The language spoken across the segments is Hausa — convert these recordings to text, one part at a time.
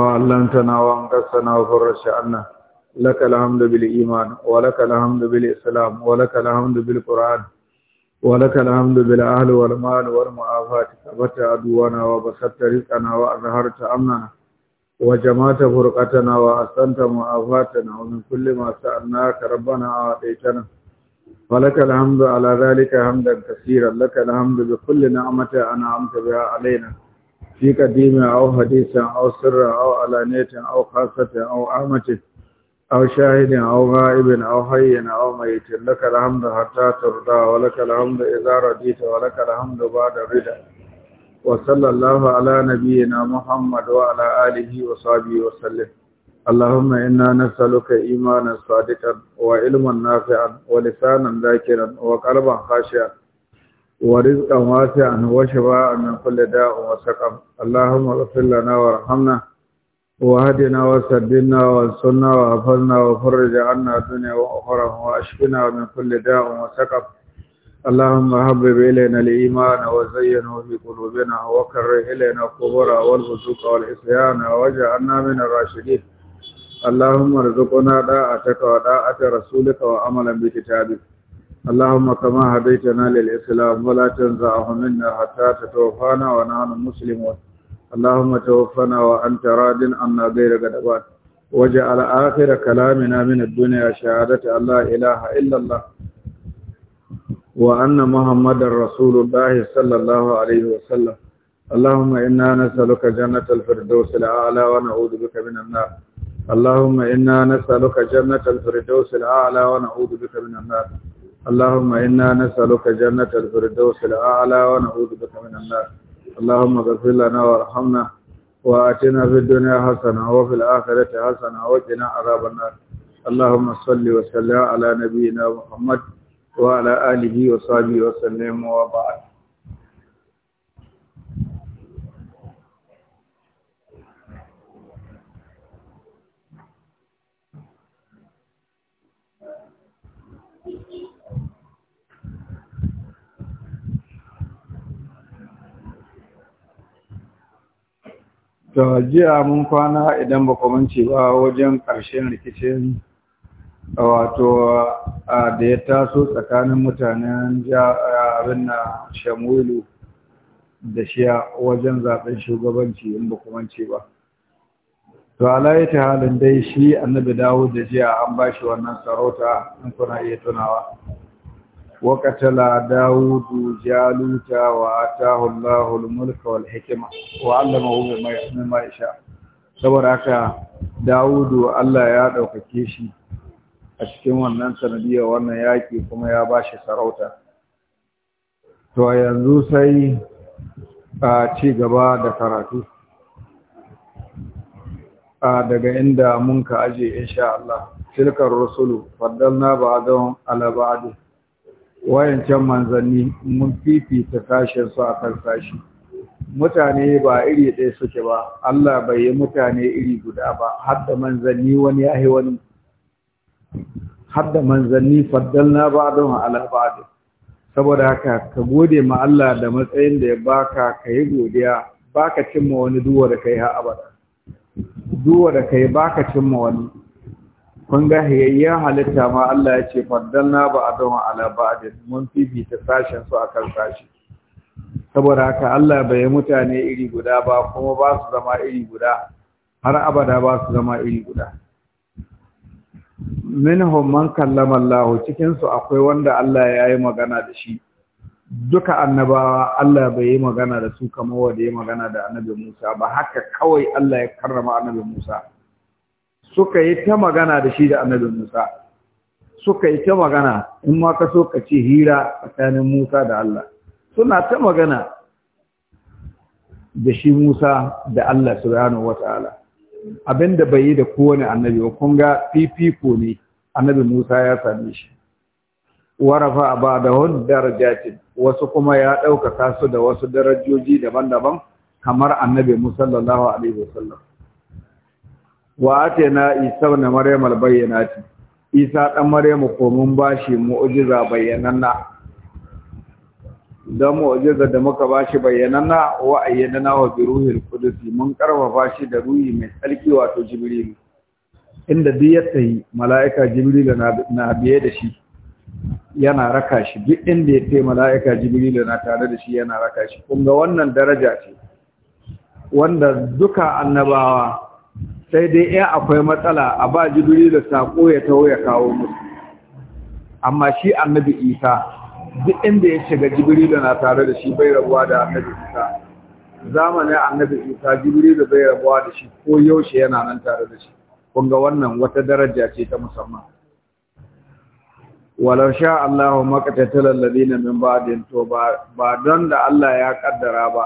وعلمتنا وانقصنا وفرش عنا لك الحمد بالإيمان ولك الحمد بالإسلام ولك الحمد بالقرآن ولك الحمد بالأهل والمال والمعافات ثبت عدونا وبسطت رزقنا وأظهرت أمننا وجمعت فرقتنا وأحسنت معافاتنا ومن كل ما سألناك ربنا أعطيتنا ولك الحمد على ذلك حمدا كثيرا لك الحمد بكل نعمة أنعمت بها علينا في قديم أو حديث أو سر أو علانية أو خاصة أو عامة أو شاهد أو غائب أو حي أو ميت لك الحمد حتى ترضى ولك الحمد إذا رضيت ولك الحمد بعد الرضا وصلى الله على نبينا محمد وعلى آله وصحبه وسلم اللهم إنا نسألك إيمانا صادقا وعلما نافعا ولسانا ذاكرا وقلبا خاشعا ورزقا واسعا وشفاء من كل داء وسقم اللهم اغفر لنا وارحمنا وهدنا وسددنا وانصرنا وغفرنا وفرج عنا الدنيا واخرى واشفنا من كل داء وسقم اللهم حبب الينا الايمان وزينه في قلوبنا وكره الينا الكبر والفسوق والعصيان واجعلنا من الراشدين اللهم ارزقنا طاعتك وطاعة رسولك وعملا بكتابك اللهم كما هديتنا للإسلام ولا تنزعه منا حتى تتوفانا ونحن مسلمون اللهم توفنا وأنت راد عنا غير غدوات وجعل آخر كلامنا من الدنيا شهادة أن لا إله إلا الله وأن محمد رسول الله صلى الله عليه وسلم اللهم إنا نسألك جنة الفردوس الأعلى ونعوذ بك من النار اللهم إنا نسألك جنة الفردوس الأعلى ونعوذ بك من النار اللهم إنا نسألك جنة الفردوس الأعلى ونعوذ بك من النار اللهم اغفر لنا وارحمنا وآتنا في الدنيا حسنة وفي الآخرة حسنة وقنا عذاب النار اللهم صل وسلم على نبينا محمد وعلى آله وصحبه وسلم وبعد To jiya mun kwana idan ba ku ba wajen ƙarshen rikicin wato da ya taso tsakanin mutanen abin na shamwilu da shiya wajen zaɓen shugabanci in ba ku ba. To alayi ta halin dai shi annabi dawo da jiya an ba shi wannan sarauta in kuna iya tunawa. وقتل داود جالوت وآتاه الله الملك والحكمة وعلمه مما يشاء saboda haka Dawudu Allah ya ɗaukake shi a cikin wannan sanadiyar wannan yaƙi kuma ya ba shi sarauta to yanzu sai a ci gaba da karatu a daga inda mun ka aje insha Allah tilkar rasulu faddalna ba'dahum ala ba'd wayancan manzanni mun fifita kashin su akan sashi mutane ba iri ɗaya suke ba Allah bai yi mutane iri guda ba har da manzanni wani ya yi wani har da manzanni faddalna ba don ala ba saboda haka ka gode ma Allah da matsayin da ya baka ka yi godiya baka cimma wani duwa da kai har abada duwa da kai baka cimma wani kun ga hayayyen halitta ma Allah ya ce na ba a don ala ba'din mun ta sashen su akan sashi saboda haka Allah bai yi mutane iri guda ba kuma ba su zama iri guda har abada ba su zama iri guda minhum man kallama Allah cikin su akwai wanda Allah ya yi magana da shi duka annabawa Allah bai yi magana da su kamar wanda ya magana da annabi Musa ba haka kawai Allah ya karrama annabi Musa suka yi ta magana da shi da annabi Musa suka yi ta magana in ma ka so ka ce hira tsakanin Musa da Allah suna ta magana da shi Musa da Allah subhanahu wataala abinda bai yi da kowane annabi ba kun ga fifiko ne annabi Musa ya same shi warafa ba'dahun darajatin wasu kuma ya ɗaukaka su da wasu darajoji daban-daban kamar annabi Musa sallallahu alaihi wasallam wa atayna isa ibn maryam albayyinati isa dan maryam ko mun bashi mu'jiza bayyananna dan mu'jiza da muka bashi bayyananna wa ayyadana wa bi ruhil qudus mun karfafa shi da ruhi mai tsarki wato jibril inda duk ya tsayi mala'ika jibril na biye da shi yana raka shi duk inda ya tsaye mala'ika jibril na tare da shi yana raka shi kun ga wannan daraja ce wanda duka annabawa sai dai in akwai matsala a ba da sako ya taho ya kawo musu amma shi annabi isa duk inda ya shiga da na tare da shi bai rabuwa da annabi isa zamanin annabi isa da bai rabuwa da shi ko yaushe yana nan tare da shi kun wannan wata daraja ce ta musamman walau sha Allahu makatattalar ladina min to ba don da Allah ya kaddara ba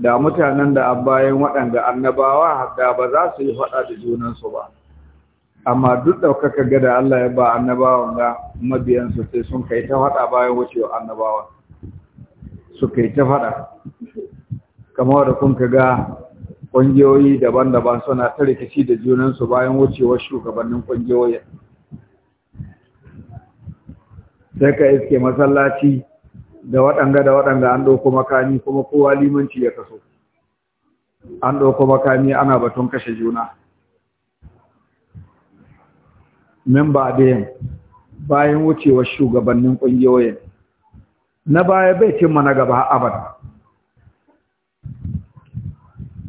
da mutanen da bayan waɗanda annabawa da ba za su yi faɗa da junansu ba amma duk ɗaukaka ga da Allah ya ba annabawan ga mabiyansu sai sun kai ta faɗa bayan wucewa annabawan su kai ta faɗa kamar da kun ga ƙungiyoyi daban-daban suna ta rikici da junansu bayan wucewar shugabannin ƙungiyoyin sai ka iske masallaci da waɗanga da waɗanga an ɗauko makami kuma kowa limanci ya kaso an ɗauko makami ana batun kashe juna min ba bayan wucewar shugabannin ƙungiyoyin na baya bai cimma na gaba abada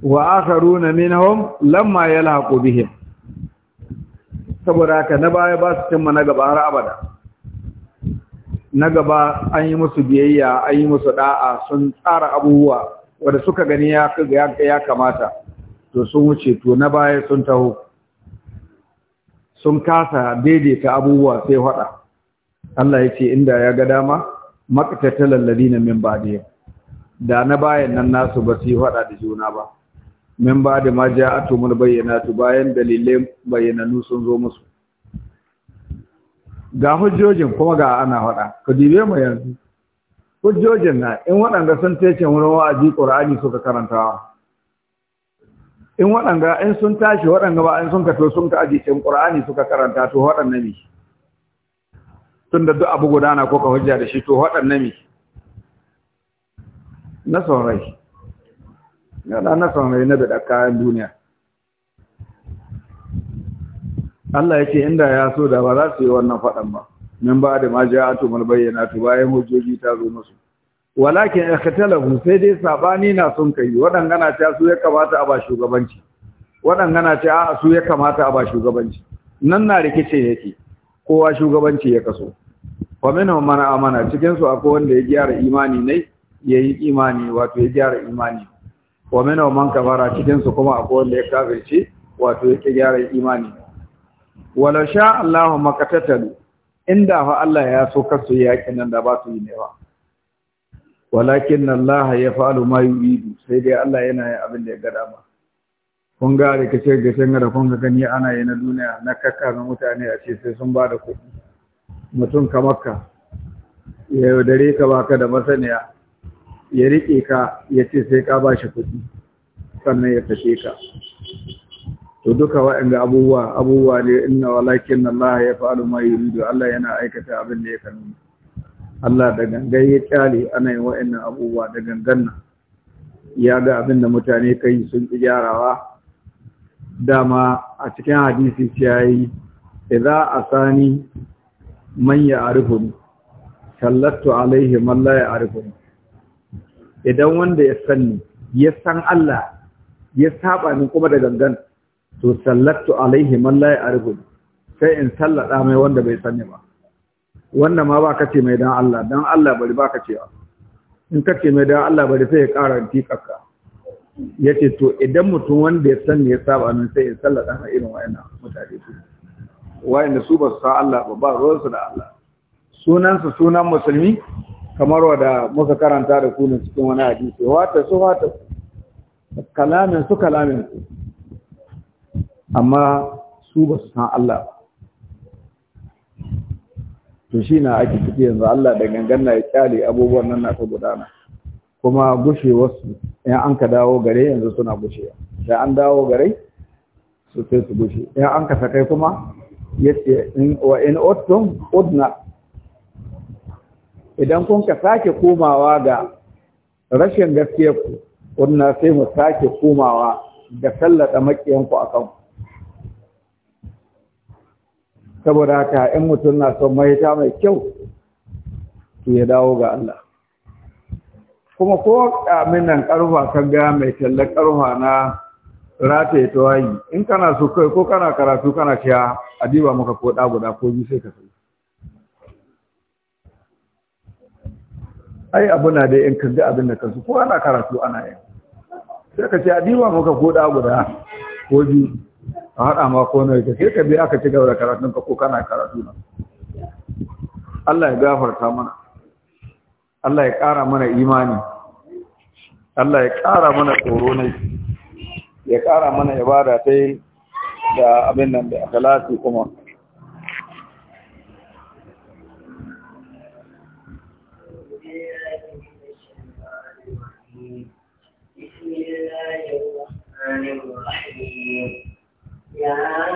wa akharuna hom lamma yalhaqu hin saboda haka na baya ba su cimma na gaba har abada na gaba an yi musu biyayya an yi musu da'a sun tsara abubuwa wanda suka gani ya ya kamata to sun wuce to na baya sun taho sun kasa daidaita abubuwa sai hada Allah ya ce inda ya ga dama maqtatal ladina min ba'dihim da na bayan nan nasu ba su yi hada da juna ba min ba da ma ja'atu mul bayyana bayan dalilai bayyananu sun zo musu ga hujjojin kuma ga ana faɗa ka dibe mu yanzu hujjojin na in waɗanda sun tece wurin wa'azi ƙur'ani suka karantawa in waɗanda in sun tashi waɗanda ba in sun kato to sun ka aji cin ƙur'ani suka karanta to waɗanda ne tun da duk abu gudana ko ka hujja da shi to waɗanda ne na son na son na da kayan duniya Allah ya ce inda ya so da ba za su yi wannan faɗan ba min ba da ma ja'atu mal bayyinatu bayan hujjoji ta zo musu walakin ikhtalafu sai dai sabani na sun kai waɗangana ta su ya kamata a ba shugabanci waɗangana ta a su ya kamata a ba shugabanci nan na rikice yake kowa shugabanci ya kaso wa minhum mana amana cikin su akwai wanda ya gyara imani ne yayi imani wato ya gyara imani wa minhum man kafara cikin su kuma akwai wanda ya kafirce wato ya gyara imani wala sha Allahu makatatalu inda fa Allah ya so kasu yakin nan da ba su yi ne ba walakin Allah ya fa'alu ma yuridu sai dai Allah yana yin abin da ya ga dama kun ga da kace ga san da kun ga gani ana yi na duniya na kakka ga mutane a ce sai sun ba da kuɗi mutum ka ka ya dare ka baka da masaniya ya rike ka ya ce sai ka ba shi kuɗi sannan ya tashe ka to duka waɗanda abubuwa abubuwa ne inna walakin Allah ya fa'alu ma yuridu Allah yana aikata abin da ya kanu Allah da gangan ya kyale ana yin waɗannan abubuwa da gangan nan ya ga abin da mutane kai sun ƙi gyarawa dama a cikin hadisi ce yayi idza asani man ya'rifuni sallatu alaihi man la ya'rifuni idan wanda ya sanni, ya san Allah ya saba ni kuma da gangan to sallattu alaihi man la ya'rifu sai in sallada mai wanda bai sani ba wannan ma baka ce mai dan Allah dan Allah bari baka cewa in kace mai dan Allah bari sai ya ƙara tikakka yace to idan mutum wanda ya sani ya saba nan sai ya sallada mai irin wayannan mutane su wayanda su ba su sa Allah ba ba ruwansu da Allah sunansu sunan musulmi kamar da muka karanta da kunin cikin wani hadisi wata su wata kalamin su kalamin su amma su ba su san Allah to shi na ake fiye yanzu Allah da gangan na ya kyale abubuwan nan na ta gudana kuma gushewarsu yan an ka dawo gare yanzu suna gushewa da an dawo gare su sai su gushe Yan an ka sakai kuma yadda in wa in otun udna idan kun ka sake komawa ga rashin gaskiyarku, ku udna sai mu sake komawa da sallata makiyanku a ku saboda haka in mutum na son mahita mai kyau to ya dawo ga Allah kuma ko kamin nan karfa kan ga mai tallar karfa na rataye tawayi in kana so kai ko kana karatu kana A diba maka ko da guda ko bi sai ka sai ai abu na dai in kaga abin da kansu ko ana karatu ana yi sai ka ce diba maka ko da guda ko biyu a haɗa ma ko na ka ka bi aka ci gaba da karatun ka ko kana karatu na Allah ya gafarta mana Allah ya ƙara mana imani Allah ya ƙara mana tsoro ne ya ƙara mana ibada ta yi da abin nan da akalati kuma بسم يا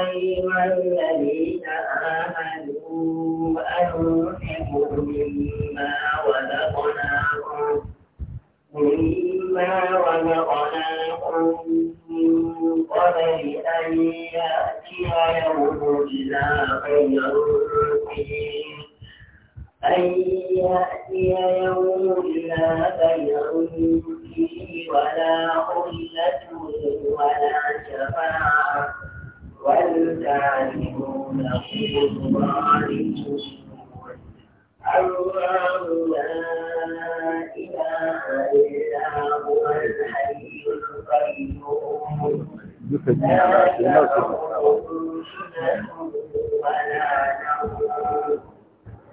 أيها الذين آمنوا أنفقوا مما رزقناكم مما رزقناكم من قبل أن يأتي يوم لا خير فيه أن يأتي يوم لا بيع فيه ولا خلة ولا شفاعة والكافرون هم الظالمون الله لا إله إلا هو الحي القيوم لا تأخذه سنة ولا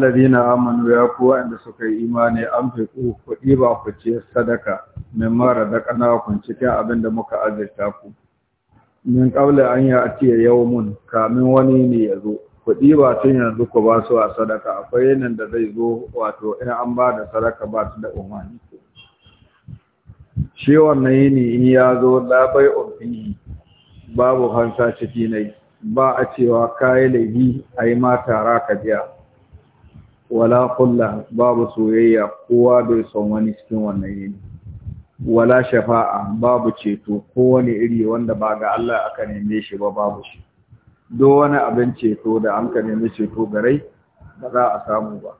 allazina amanu ya ku wanda suka yi imani an fiku kuɗi ba ku ce sadaka min mara da kana cikin abin da muka azurta ku min kaula an ya ati yawmun kamin wani ne ya zo kuɗi ba tun yanzu ku ba su a sadaka akwai yanin da zai zo wato in an ba da sadaka ba su da umarni shi wannan yini in ya zo labai ofihi babu hansa ciki ne ba a cewa kayi laifi a yi ma tara ka biya wala kulla babu soyayya kowa bai son wani cikin wannan yini wala shafa'a babu ceto kowane iri wanda ba ga Allah aka neme shi ba babu shi duk wani abin ceto da an ka nemi ceto garai ba za a samu ba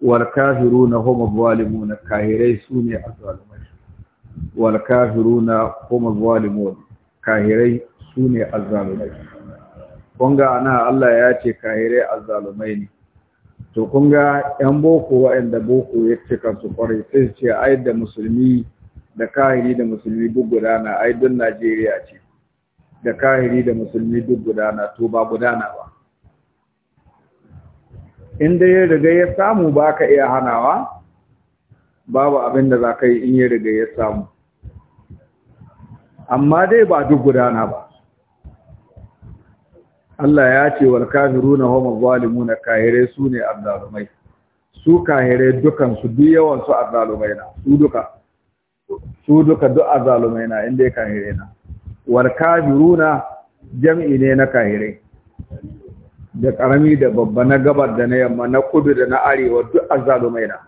wal kafiruna hum zalimuna kahirai sune azzalimai wal kafiruna hum zalimun kahirai sune azzalimai kun ga ana Allah ya ce kahirai azzalumai ne to kun ga yan boko waɗanda boko ya cika su kwarai sai ce ai da musulmi da kahiri da musulmi duk gudana ai don najeriya ce da kahiri da musulmi duk gudana to ba gudana ba in da ya riga ya samu ba ka iya hanawa babu abin da za ka yi in ya riga ya samu amma dai ba duk gudana ba Allah ya ce wal kafiruna hum zalimuna kahire su ne azzalumai su kahire dukan su duk yawan su azzalumai na su duka su duka duk azzalumai na inda ya kahire na wal kafiruna jam'i ne na kahire da karami da babba na gabar da na yamma na kudu da na arewa duk azzalumai na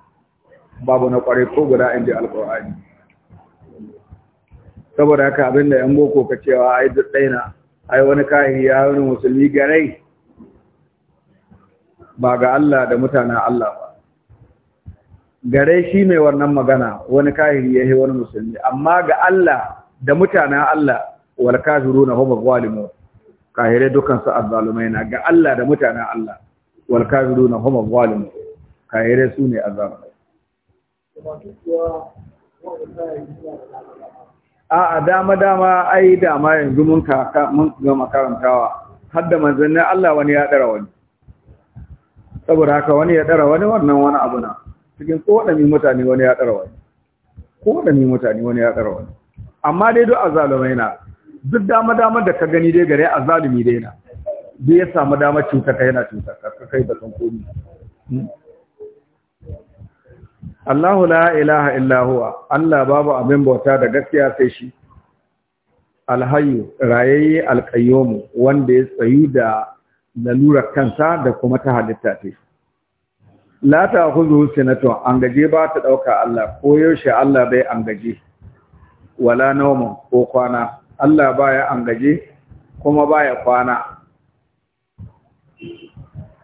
babu na kwarai ko guda inda alqur'ani saboda haka abinda yan boko ka cewa ai duk ɗaya na ai wani kahiri ya wani musulmi garai ba ga Allah da mutanen Allah ba garai shi mai wannan magana wani kahiri ya yi wani musulmi amma ga Allah da mutanen Allah wal kafiruna huma zalimun kahire dukan su azzalumai na ga Allah da mutanen Allah wal kafiruna huma zalimun kahire su ne azzalumai a'a dama dama ai dama yanzu mun kaka mun gama karantawa har da manzannin Allah wani ya dara wani saboda haka wani ya dara wani wannan wani abu na cikin kowadanni mutane wani ya dara wani kowadanni mutane wani ya dara wani amma dai duk azalumai na duk dama dama da ka gani dai gare azalumi dai na dai ya samu dama cuta kai na cuta ka kai da san komi hmm? Allahu la ilaha illa huwa Allah babu abin bauta da gaskiya sai shi alhayyu rayayye alqayyum wanda ya tsayu da lalurar kansa da kuma ta halitta ta la ta khudhu an gaje ba ta dauka Allah ko yaushe Allah bai an gaje wala nawmu ko kwana Allah baya an gaje kuma baya kwana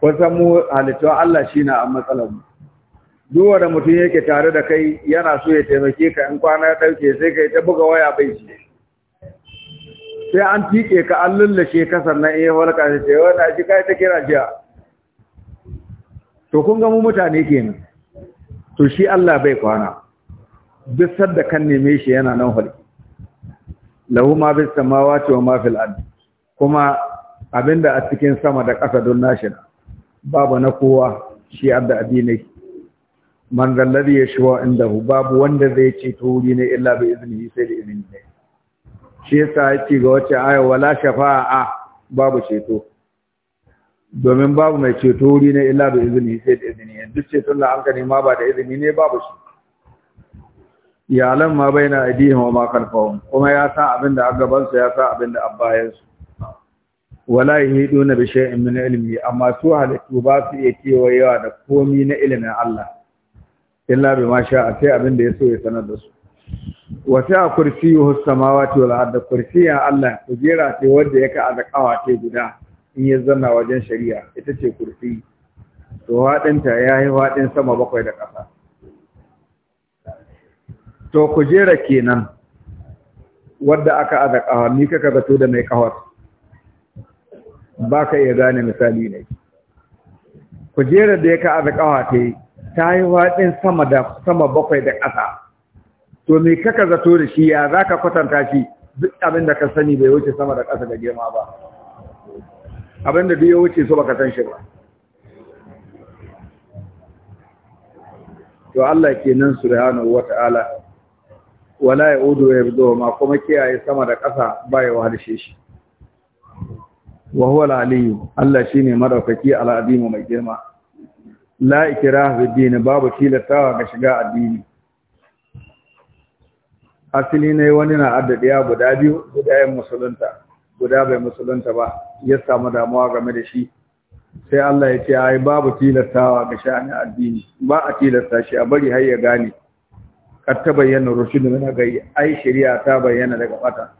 wasan mu halitta Allah shine a matsalar mu duk da mutum yake tare da kai yana so ya taimake ka in kwana ɗauke sai kai ta buga waya bai sai an tike ka an lullashe ka sannan iya walƙa shi ce wanda shi kai ta kira jiya to kun ga mu mutane nan, to shi Allah bai kwana duk da kan neme shi yana nan hulki lahu ma bis samawati wa ma fil ard kuma abinda a cikin sama da ƙasa don nashi babu na kowa shi adda addinai man zalladhi yashwa indahu babu wanda zai ceto wuri ne illa bi iznihi sai da izini ne shi yasa yake ga wace aya wala shafa'a babu ceto domin babu mai ceto wuri ne illa bi izini sai da izini ne duk ceton an hankali ma ba da izini ne babu shi ya alam ma baina aidihim wa ma khalfahum kuma ya sa abin da gaban su ya sa abin da abbayan su wala yahiduna bi shay'in min ilmi amma su halittu ba su iya kewayewa da komi na ilimin Allah illa bi ma sha'a sai abin da ya so ya sanar da su wa sa'a kursiyuhu samawati wal ard kursiya Allah kujera ce wanda yake azakawa ce guda in ya zanna wajen shari'a ita ce kursi to hadinta yayi wadin sama bakwai da ƙasa to kujera kenan wadda aka azakawa ni kaka zato da mai kawar baka iya gane misali ne Kujera da yake azakawa ta ta yi waɗin sama da sama bakwai da ƙasa to me kaka zato da shi ya za ka kwatanta shi duk abin da ka sani bai wuce sama da ƙasa da girma ba abin da duk ya wuce so baka san shi ba to Allah ke nan su kenan wata ala wala ya udu ya bido ma kuma kiyaye sama da ƙasa ba ya wahar shi wa huwa al Allah Allah shine madaukaki al-azimu mai girma la ikraha bi din babu tilatawa ga shiga addini asali ne wani na addadiya guda biyu guda yan musulunta guda bai musulunta ba ya samu damuwa game da shi sai Allah ya ce ai babu tilatawa ga shani addini ba a tilasta shi a bari har ya gane Kar ta bayyana da na gai ai shari'a ta bayyana daga fata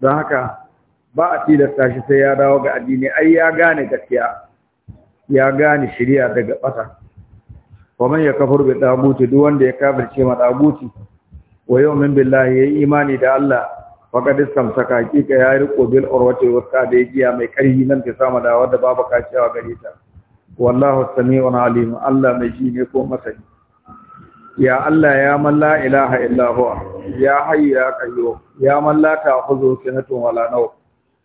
don haka ba a tilasta shi sai ya dawo ga addini ai ya gane gaskiya ya gane shari'a daga fata wa ya yakfur bi taguti duk wanda ya kafirce ma taguti wa yu'min ya yi imani da Allah faqad istamsaka hakika ya riko bil urwati wasta da giya mai karhi nan ta sama da wanda babu kacewa gare ta wallahu samiu alim Allah mai ji ne ko masani ya Allah ya man la ilaha illa huwa ya hayyu ya qayyum ya man la ta'khudhu sinatun wala nawm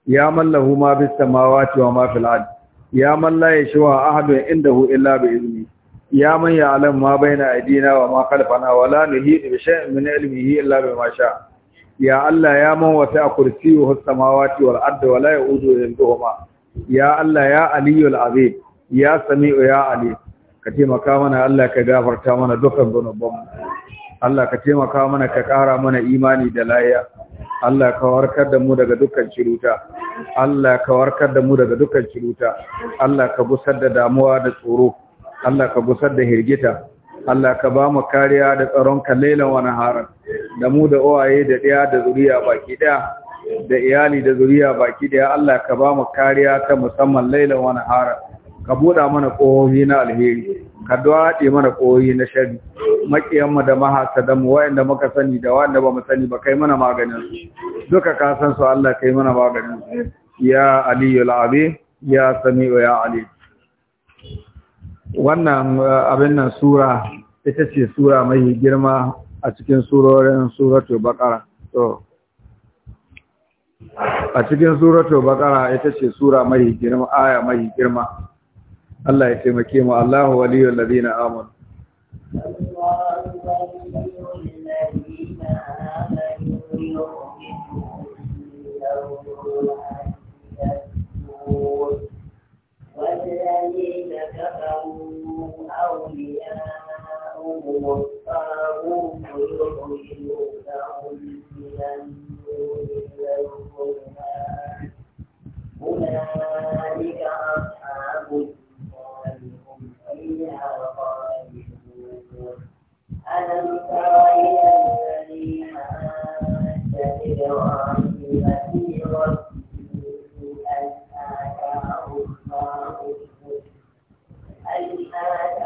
ya man lahu ma bis samawati wa ma fil ard ya man la yashwa ahadun indahu illa bi izni ya man alam ma baina aidina wa ma khalfana wa la nuhitu bi shay'in min ilmihi illa bima sha ya Allah ya man wasi'a kursiyyuhu as-samawati wal ardi wa la ya'uduhu hifdhuhuma ya Allah ya aliyul azim ya sami'u ya Ali. ka taimaka mana Allah ka gafarta mana dukkan gunubanmu Allah ka taimaka mana ka ƙara mana imani da layya Allah ka warkar da mu daga dukkan ciruta Allah ka warkar da mu daga dukkan ciruta Allah ka busar da damuwa da tsoro Allah ka gusar da hirgita Allah ka ba mu kariya da tsaron lailan wani haram da mu da uwaye da ɗaya da zuriya baki ɗaya da iyali da zuriya baki ɗaya Allah ka ba mu kariya ta musamman lailan wani haram ka buɗa mana ƙohohi na alheri ka daɗe mana ƙohohi na shari maƙiyanmu da mahasadanmu wa'anda muka sani da wa'anda ba mu sani ba kai mana maganin su duka ka san su Allah kai mana maganin su ya aliyu al'abi ya sami'u ya aliyu wannan eh, abin nan sura ita ce sura mai girma a cikin surorin suratul baqara to a cikin suratul baqara ita ce sura mai girma aya mai girma Allah ya taimake mu Allahu waliyul ladina amanu ladina you. والذين كفروا أولياءهم الطاغوت يخرجونهم من النور إلى أولئك أصحاب النار هم فيها خالدون ألم تر إلى الذي حاج إبراهيم في ربه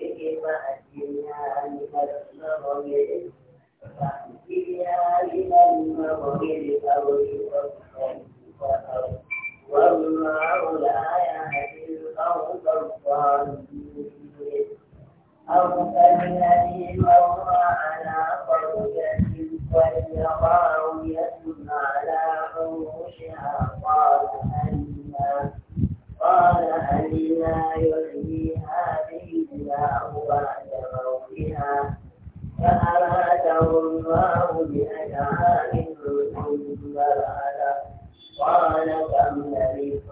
به من المغرب فأتنا من المغرب أو يغفر والله لا يهدي القوم الظالمين أو كالذي مر على قرية وهي خاوية على عروشها قال أنا قال أنا يحيي الله بعد موتها فأماته الله بأنعام ثم بعد قال كم لبثت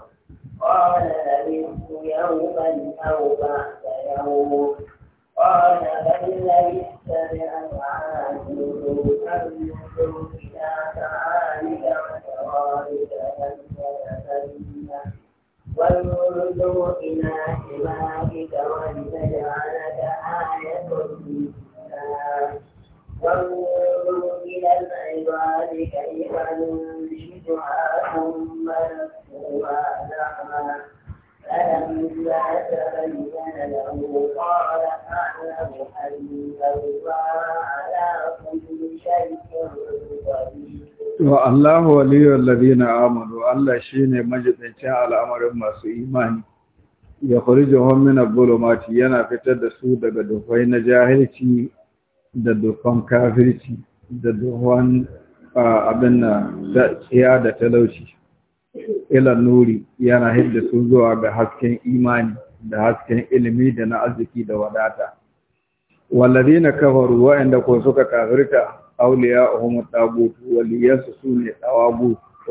قال لبثت يوما أو بعد يوم قال بل لبثت مئة عام فانظر إلى طعامك وشرابك لم تتسنى وانظر إلى حمارك ولنجعلك آية للناس وانظر إلى العباد كيف ننشدها ثم نكسوها زعما فلما تبين له قال أعلم أن الله على كل شيء قدير wa Allahu waliyul ladina amanu Allah shine majidancin al'amarin masu imani ya khurijuhum min adh-dhulumati yana fitar da su daga dufai na jahilci da dufan kafirci da dufan abin da tsiya da talauci ila nuri yana hidda su zuwa ga hasken imani da hasken ilimi da na arziki da wadata na kafaru wa'anda ko suka kafirta auliya ohun ɗagutu waliyansu su ne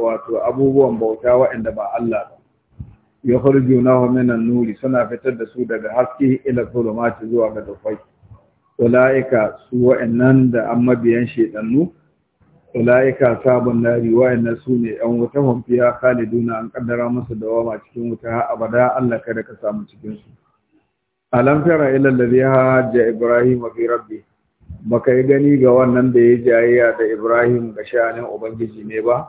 wato abubuwan bauta waɗanda ba Allah ba ya harju na minan nuri suna fitar da su daga haske ila zulumati zuwa ga dafai ula'ika su wa'annan da an mabiyan shedannu ula'ika sabon nari waɗannan su ne ‘yan wuta hamfiya khaliduna an kaddara musu dawama cikin wuta abada Allah kada ka samu cikinsu alam tara ila alladhi hajja ibrahim fi rabbih baka yi gani ga wannan da ya jayayya da Ibrahim ga sha'anin Ubangiji ne ba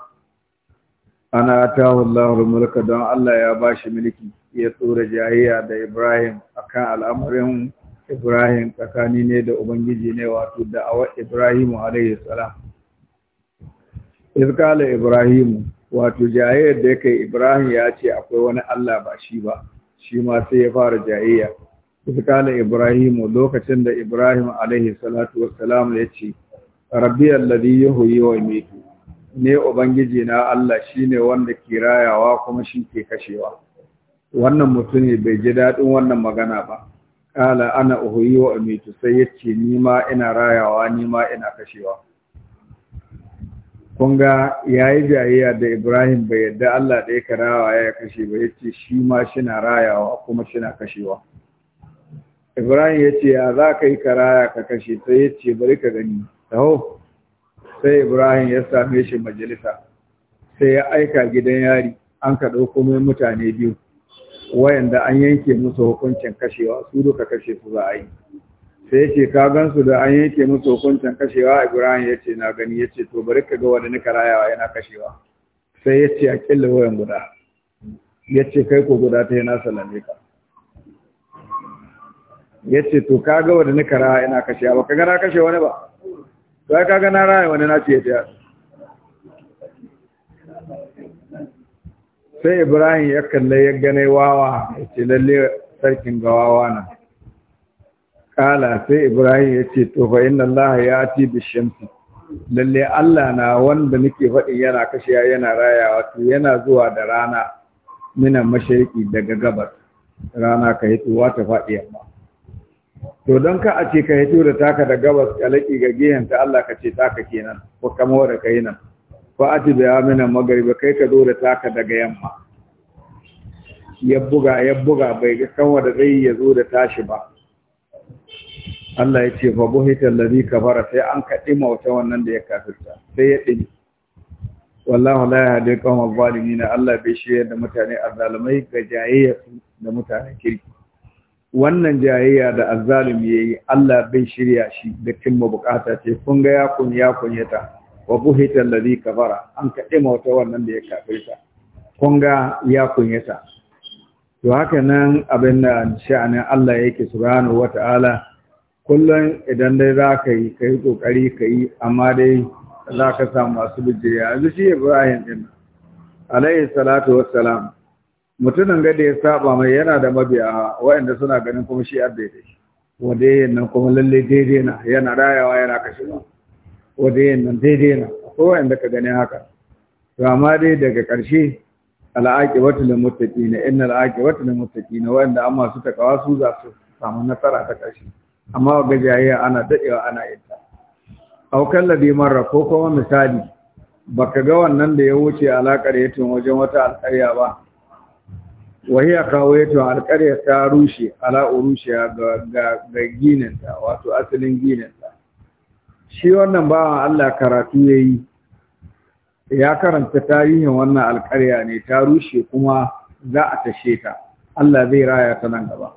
ana ta wallahu mulka don Allah ya ba shi mulki ya tsura jayayya da Ibrahim a kan al'amarin Ibrahim tsakani ne da Ubangiji ne wato da awa Ibrahim alaihi salam Iskala Ibrahim wato jayayyar da ya kai Ibrahim ya ce akwai wani Allah ba shi ba shi ma sai ya fara jayayya kala Ibrahimu lokacin da Ibrahim alaihi salatu wassalam ya ce, Rabbi alladhi yuhyi wa yumiitu. Ne ubangiji na Allah shine wanda ke rayawa kuma shi ke kashewa. Wannan mutune bai ji daɗin wannan magana ba. Kala ana uhyi wa yumiitu sai yace ni ma ina rayawa ni ma ina kashewa. kun ga yayi jayayya da Ibrahim bai yadda Allah da ya rayawa ya kashe ba yace shi ma shina rayawa kuma shina kashewa. ibrahim ya ce ya za ka yi karaya ka kashe sai ya ce bari ka gani taho sai ibrahim ya same shi majalisa sai ya aika gidan yari an ka ɗauko mai mutane biyu wayanda an yanke musu hukuncin kashewa su duka kashe su za a yi sai ya ce ka gansu da an yanke musu hukuncin kashewa ibrahim ya ce na gani ya ce to bari ka ga wani nika rayawa yana kashewa sai ya ce a killa wayan guda ya ce kai ko guda ta yana salame ka ya ce to ka ga wanda nika raya ina kashe ba ka gana kashe wani ba to ai ka gana raya wani na ce ya sai ibrahim ya kalle ya gane wawa ya ce lalle sarkin ga wawa na kala sai ibrahim ya ce to fa inna allah ya ati bi shamsi lalle allah na wanda nake faɗi yana kashe yana rayawa to yana zuwa da rana minan mashariki daga gabas rana ka tuwa ta faɗi yamma to don ka a ce ka hito da taka da gabas ka laƙi ga gehenta Allah ka ce taka kenan ko kama da kai nan fa da ya amina magariba kai ka zo da taka daga yamma ya buga ya buga bai ga kama da zai ya zo da tashi ba Allah ya ce fa buhita allazi kafara sai an kaɗi wata wannan da ya kafirta sai ya ɗin wallahu la yahdi qawmal zalimin Allah bai shi da mutane azzalumai ga jayayya da mutane kirki wannan jayayya da ya yi Allah bin shirya shi da kimma bukata ce kun ga ya yakun ya ta wa buhita allazi kafara an kaɗe mawata wannan da ya kafirta kun ga ya kunyata to haka nan abin da sha'anin Allah yake subhanahu wata'ala kullum idan dai za ka yi ka yi ƙoƙari ka yi amma dai za ka samu masu bijiriya yanzu shi ibrahim din Alayhi salatu wassalam mutumin ga da ya saba mai yana da mabiya waɗanda suna ganin kuma shi yar daidai wanda yayin nan kuma lalle daidai na yana rayawa yana kashewa wanda yayin nan daidai na akwai waɗanda ka gani haka to amma dai daga ƙarshe wata al'aqibatu lil al'aƙi wata aqibatu lil na waɗanda an masu takawa su za su samu nasara ta ƙarshe amma ga jayayya ana daɗewa ana yadda aukan labi marra ko kuma misali baka ga wannan da ya wuce alaƙar yatin wajen wata alƙarya ba wahiya kawaitu alƙarya ta rushe ala urushiya ga gininta wato asalin gininta shi wannan bawan Allah karatu ya yi. ya karanta tarihin wannan alƙarya ne ta rushe kuma za a tashe ta Allah zai raya ta nan gaba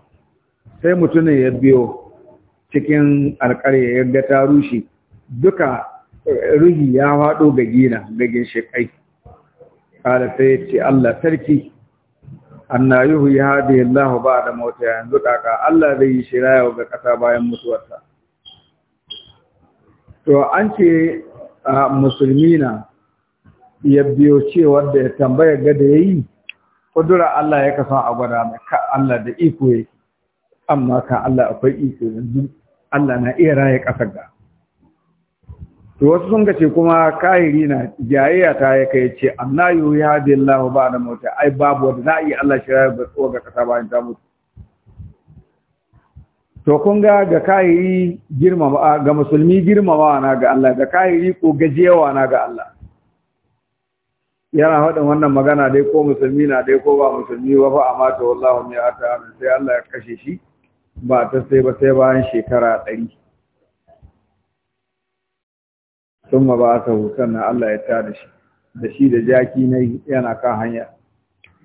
sai mutumin ya biyo cikin alƙarya ya ga ta rushe duka eh, ruhi ya faɗo ga gina ga ginshiƙai ƙala sai ce Allah sarki anna haɗe hadhihi ba da mota yanzu kaka Allah zai yi shiraya ga ƙasa bayan mutuwarsa to an ce na ya biyo cewar da ya tambaya ga da ya yayi ƙudura Allah ya kasa a gwada mai ka Allah da iko yake amma ka Allah akwai iko yanzu Allah na iya raye ƙasar ga to wasu sun gace kuma kahiri na jayayya ta ya kai ce anna yuhi ba da mota, ai babu wanda za a yi Allah shi rayar batsuwa ga kasa bayan ta mutu to kun ga ga kahiri girmama ga musulmi girmamawa na ga Allah ga kahiri ko gajewa na ga Allah yana faɗin wannan magana dai ko musulmi na dai ko ba musulmi ba fa amma to wallahi ya ta sai Allah ya kashe shi ba ta sai ba sai bayan shekara ɗari. sun ma ba ta na Allah ya tada shi da shi da jaki na yana kan hanya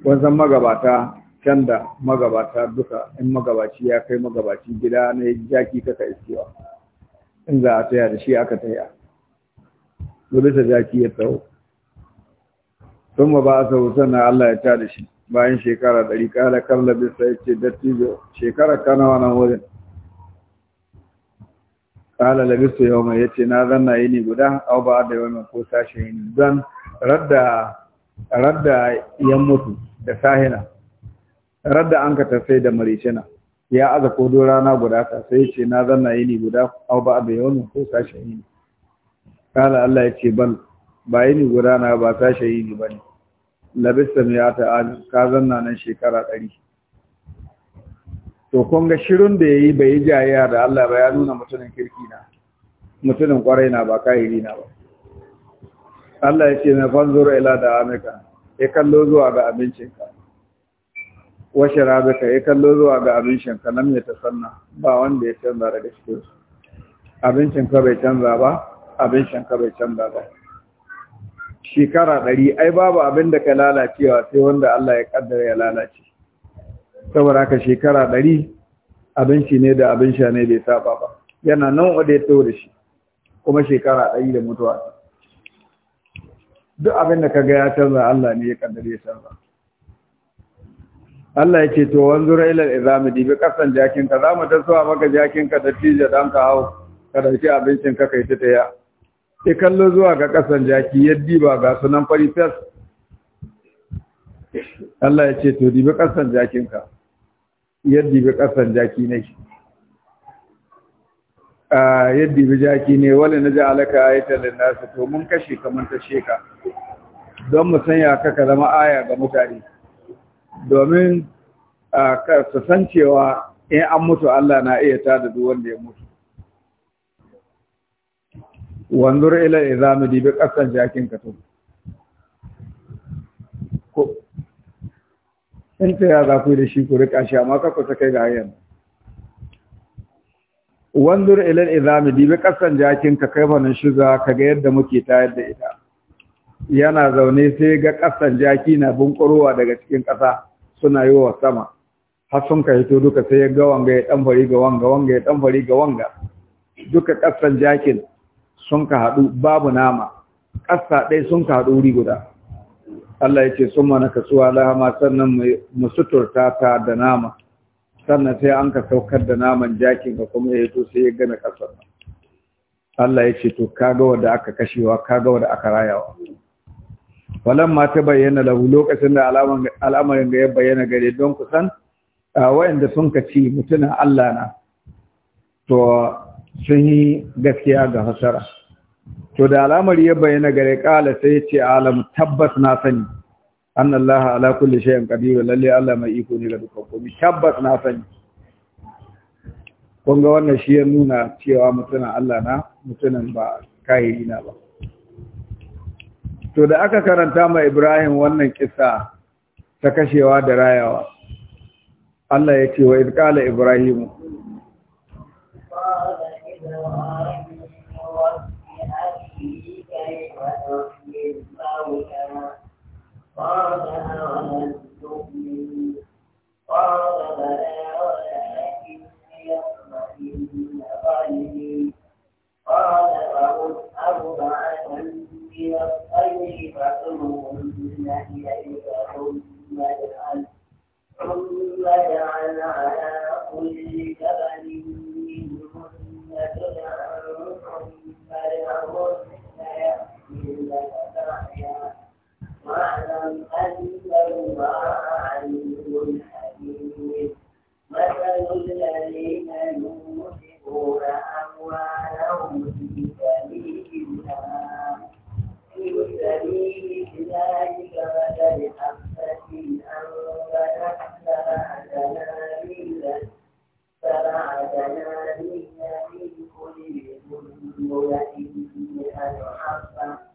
wanzan magabata can da magabata duka in magabaci ya kai magabaci gida na jaki kaka iskewa in za a taya da shi aka taya ta jaki ya tsawo sun ma ba ta na Allah ya tada shi bayan shekara ɗari ƙara kan labisa ya ce dattijo shekara kanawa nan wurin kala labisu yau mai yace na zanna yini guda au ba da yau mai ko sashi yini don radda radda yan mutu da sahina radda an ka tafai da maricina ya aza ko do rana guda ka sai yace na zanna yini guda au ba da yau mai ko sashi yini kala Allah yace bal ba yini guda na ba sashi yini bane labista miyata ka zanna nan shekara 100 to kun ga shirin da yayi bai jayayya da Allah ba ya nuna mutumin kirki na mutumin kwarai na ba kahiri na ba Allah ya ce na fanzur ila da amika ya kallo zuwa ga abincinka wa sharabika ya kallo zuwa ga abincinka nan ya ta sanna ba wanda ya canza daga cikin su abincinka bai canza ba abincinka bai canza ba shekara ɗari ai babu abin da ka lalacewa sai wanda Allah ya kaddara ya lalace saboda haka shekara ɗari abinci ne da abin sha ne bai saba ba yana nan wanda ya taho da shi kuma shekara ɗari da mutuwa duk abin da kaga ya canza Allah ne ya kaddare ya canza Allah ya ce to wanzu ra'ilar izami dibi kasan jakin ka zamu tasowa maka jakin ka da tije dan ka hau ka dauki abincin ka kai ta taya sai kallo zuwa ga kasan jaki yaddi ba ga sunan faritas Allah ya ce to dibi kasan jakin ka yadda bi ƙasar jaki ne shi yadda bi jaki ne wani na ji alaka ayatar linnasa to mun kashe kamar ta sheka don mu sanya kaka zama aya ga mutane domin su san cewa in an mutu Allah na iya tada duk wanda ya mutu wanzur ila izami dibi kasan jakin ka to in ta ya za ku da shi ku rika shi amma kakku ta kai ga ayyan wanzur ilal izami dibi kasan jakin ka kai manin shiga ka ga yadda muke tayar da ita yana zaune sai ga kasan jaki na bunkurowa daga cikin kasa suna yi wa sama har sun ka hito duka sai ya ga wanga ya dan fari ga wanga wanga ya dan fari ga wanga duka kasan jakin sun ka haɗu babu nama ƙasa ɗaya sun ka haɗu wuri guda Allah ya ce sun mana kasuwa lahama sannan mu suturta ta da nama sannan sai an ka saukar da naman jakin ga kuma ya hito sai ya gana kasar Allah ya ce to kaga wanda aka kashewa kaga wanda aka rayawa ma ta bayyana lahu lokacin da al'amarin da ya bayyana gare don kusan wayanda sun ka ci mutuna Allah na to sun yi gaskiya ga hasara to da alamar ya bayyana gare kala sai ce alam tabbas na sani annallaha ala kulli shay'in qadir lalle Allah mai iko ne ga dukkan komai tabbas na sani kun ga wannan shi ya nuna cewa mutuna Allah na mutunan ba kahiri na ba to da aka karanta ma Ibrahim wannan kissa ta kashewa da rayawa Allah ya ce wa idqala Ibrahim قومها قال أولم تؤمنوا قال بلى ولكن ليطمئن قلبي قال فخذ أربعة من الطير فكلهن إليك ثم اجعل ثم اجعل على كل جبل منهن جزعا ثم ادعهن يأتين لك واعلم أن الله عليم حكيم مثل الذين ينفقون أموالهم في سبيل الله في سبيل الله كمثل حبة أنبتت سبع سنابل سبع سنابل في كل سنبلة مئة حبة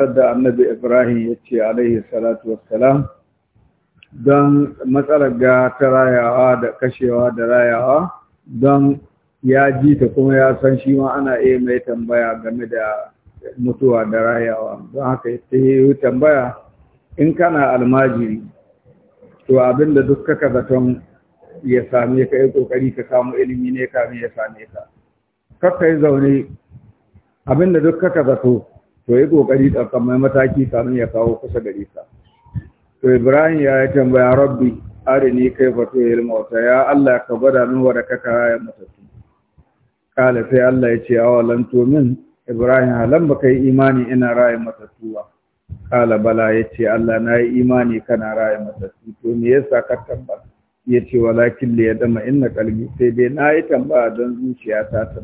da annabi ibrahim ya ce alaihi salatu wassalam don matsalar ga ta rayawa da kashewa da rayawa don ya ji ta kuma ya san shi ma ana iya mai tambaya game da mutuwa da rayawa don haka ta yi tambaya in kana almajiri to abinda duk kaka zaton ya same ka yi kokari ka samu ilimi ne kamin ya same ka kakka yi zaune abinda duk kaka zato to yi kokari tsakamai mataki kanun ya kawo kusa gare ka to ibrahim ya yi tambaya rabbi arini kai fato ya ilmauta ya allah ka gwada min wadda ka ya matattu kala sai allah ya ce awa lanto min ibrahim halan ba kai imani ina rayin matattu ba kala bala ya ce allah na yi imani kana rayin matattu to me yasa ka tambaya ya ce walakin da ya dama inna kalbi sai dai na yi tambaya don zuciya ta ta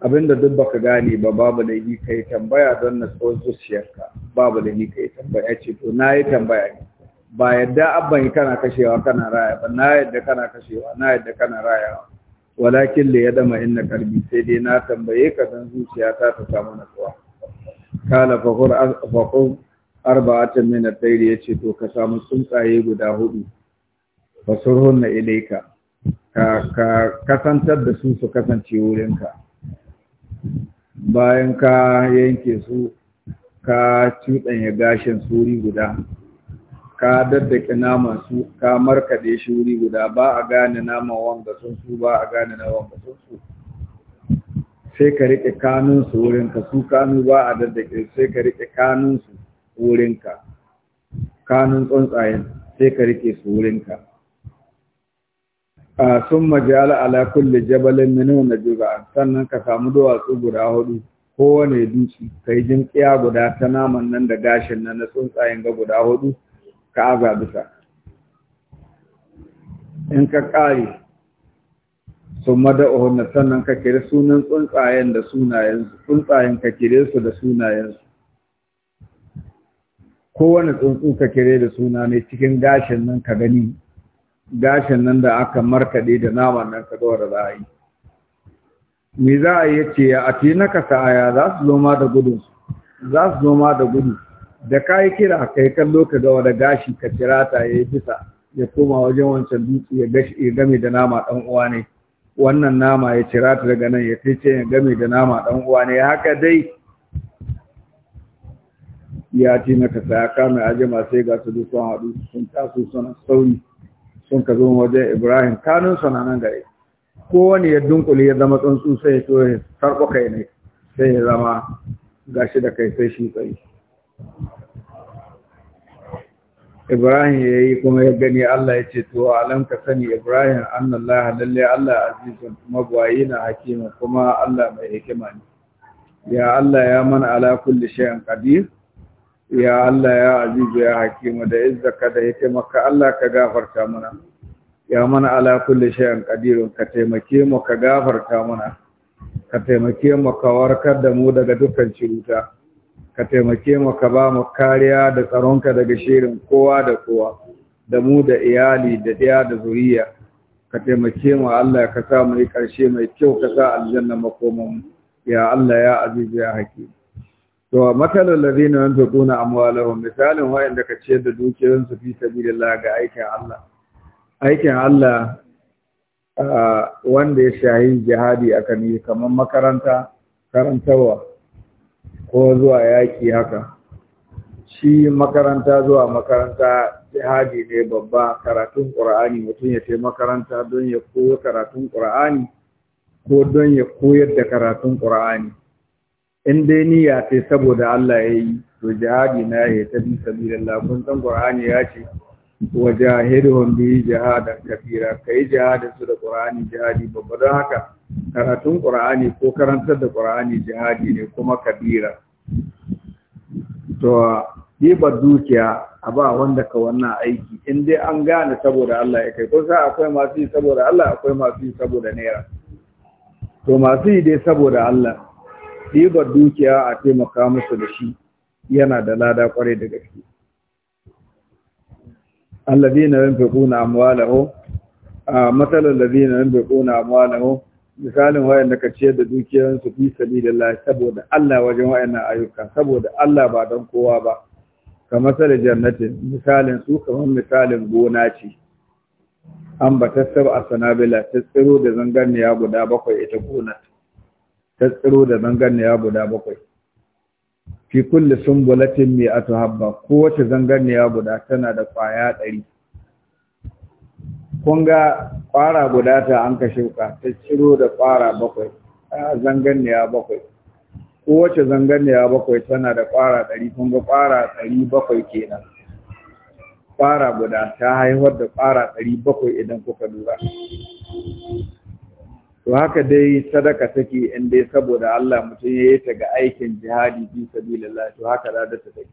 abinda duk baka gane ba babu da yi kai tambaya don na tso zuciyarka babu da yi kai tambaya ce to na yi tambaya ne ba yadda abban yi kana kashewa kana raya ba na yadda kana kashewa na yadda kana ba walakin da ya dama inna karbi sai dai na tambaye ka don zuciya ta ta samu natsuwa kala fakur fakur arba'atan min at-tayr yace to ka samu tsuntsaye guda hudu fasurhunna ilayka ka ka kasantar da su su kasance wurinka bayan ka yanke su ka cuɗanya gashin suri guda ka daddake naman su ka markaɗe shi wuri guda ba a gane naman wanga sun su ba a gane na wanga sun su sai ka riƙe kanun su wurin ka su kanu ba a daddake sai ka riƙe kanun su wurin ka kanun tsuntsayen sai ka riƙe su wurin ka Ah, sun majala ala kulle jabalin na juga sannan ka samu duwatsu guda hudu kowane dutse ka yi jinkiya guda ta naman nan da gashin nan na tsuntsayen ga guda hudu ka aza bisa in ka kare sun mada'uhunna sannan ka kira sunan tsuntsayen da sunayen tsuntsayen ka kire su da sunayensu kowane tsuntsu ka kire da suna ne cikin gashin nan ka gani gashin nan da aka markaɗe da naman nan ka da za a yi me za a yi ce ya ati na ka aya za su ma da gudu za su ma da gudu da ka yi kira ka yi kallo ka ga wani gashi ka kira ta ya yi bisa ya koma wajen wancan dutse ya game da nama dan uwa ne wannan nama ya cira ta daga nan ya ce ya game da nama dan uwa ne haka dai ya ci na ka kame ajima sai ga su sun haɗu sun taso sun sauri sun ka zo wajen Ibrahim kanun sananan nan gare kowane ya dunkule ya zama tsuntsu sai ya tsoye sarko kai ne sai ya zama gashi da kai sai shi tsayi Ibrahim ya yi kuma ya gani Allah ya ce to alam ka sani Ibrahim annallaha lalle Allah azizun mabwayi na hakima kuma Allah mai hikima ne ya Allah ya mana ala kulli shay'in qadir ya Allah ya azizu ya hakimu da ka da hikimarka Allah ka gafarta mana ya mana ala kulli shay'in qadirun ka taimake mu ka gafarta mana ka taimake mu ka warkar da mu daga dukkan ciruta ka taimake mu ka ba mu kariya da tsaronka daga shirin kowa da kowa da mu da iyali da ɗaya da zuriya ka taimake mu Allah ka sa mu yi ƙarshe mai kyau ka sa aljanna makomanmu ya Allah ya azizu ya hakimu to matalar ladina yanfiquna amwalahum misalin wayanda ka ciyar da dukiyoyin su fi sabilillah ga aikin Allah aikin Allah wanda ya shahi jihadi akan yi kamar makaranta karantawa ko zuwa yaki haka shi makaranta zuwa makaranta jihadi ne babba karatun ƙur'ani mutum ya ce makaranta don ya koyo karatun ƙur'ani ko don ya koyar da karatun ƙur'ani in dai niyya sai saboda Allah ya yi to jihadi na ya ta bi sabilillah lafin san ƙwarani ya ce wa jahidhum bi jihada kafira kai jihada su da ƙwarani jihadi babba don haka karatun ƙwarani ko karantar da ƙwarani jihadi ne kuma kabira to ba dukiya a ba wanda ka wannan aiki in dai an gane saboda Allah ya kai ko sa akwai masu yi saboda Allah akwai masu yi saboda naira to masu yi dai saboda Allah ɗibar dukiya a taimaka musu da shi yana da lada kwarai da gaske allazina yunfiquna amwalahum a matsalar lazina yunfiquna amwalahum misalin wayan da ka ciyar da dukiyarsu fi lai, saboda Allah wajen wayan na ayyuka saboda Allah ba don kowa ba ka matsalar jannatin misalin su kamar misalin gona ce an ba a sanabila ta tsiro da zangarniya guda bakwai ita gonar ta tsiro da zangarniya guda bakwai fi sun bulatin mai a habba kowace zangarniya guda tana da kwaya ɗari kun ga kwara guda ta an ka shuka ta ciro da kwara bakwai a zangarniya bakwai kowace zangarniya bakwai tana da kwara ɗari kun ga kwara ɗari bakwai kenan kwara guda ta haifar da kwara ɗari bakwai idan kuka lura to haka dai sadaka take in dai saboda Allah mutum ya yi ta ga aikin jihadi fi sabilillah to haka da ta take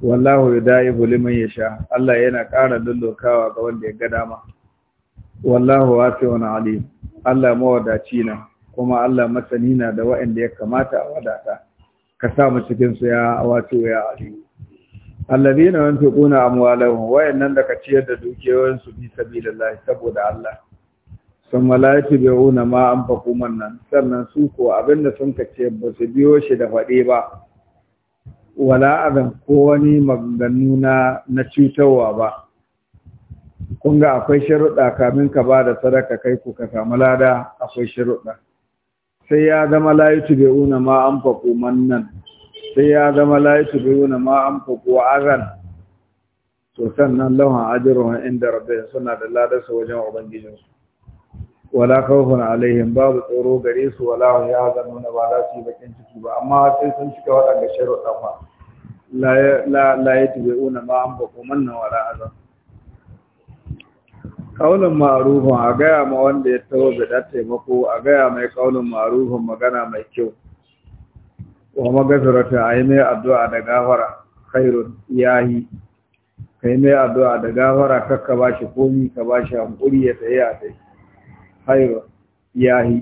wallahu yudaibu liman yasha Allah yana ƙara lullukawa ga wanda ya ga dama wallahu wasi'un alim Allah mawadaci na kuma Allah masani na da waɗanda ya kamata a wadata ka sa mu cikin su ya wato ya alim kuna yunfiquna amwalahum wayannan da ka ciyar da dukiyoyinsu fi sabilillah saboda Allah sun malaci bai una ma an faku nan sannan su ko abinda sun kace ba su biyo shi da faɗe ba wala abin ko wani maganganu na na cutarwa ba kun ga akwai sharuɗa kamin ka ba da sadaka kai ku ka samu lada akwai sharuɗa sai ya zama layitu bai una ma an faku nan sai ya zama layitu bai una ma an faku azan to sannan lawan ajiyar inda rabbi suna da ladarsa wajen ubangijinsu wala khawfun alaihim babu tsoro gare su wala hum na ba za su yi bakin ciki ba amma sai sun shiga waɗanda sharuɗa ba la la la yatbi'una ma an bako manna wala azab kaulin ma'rufun a gaya ma wanda ya tawo da taimako a gaya mai kaulin ma'rufun magana mai kyau wa magazarata a yi mai addu'a da gafara khairun yahi kai mai addu'a da gafara kakka ba shi komi ka ba shi hankuri ya tsaye a tsaye khairu yahi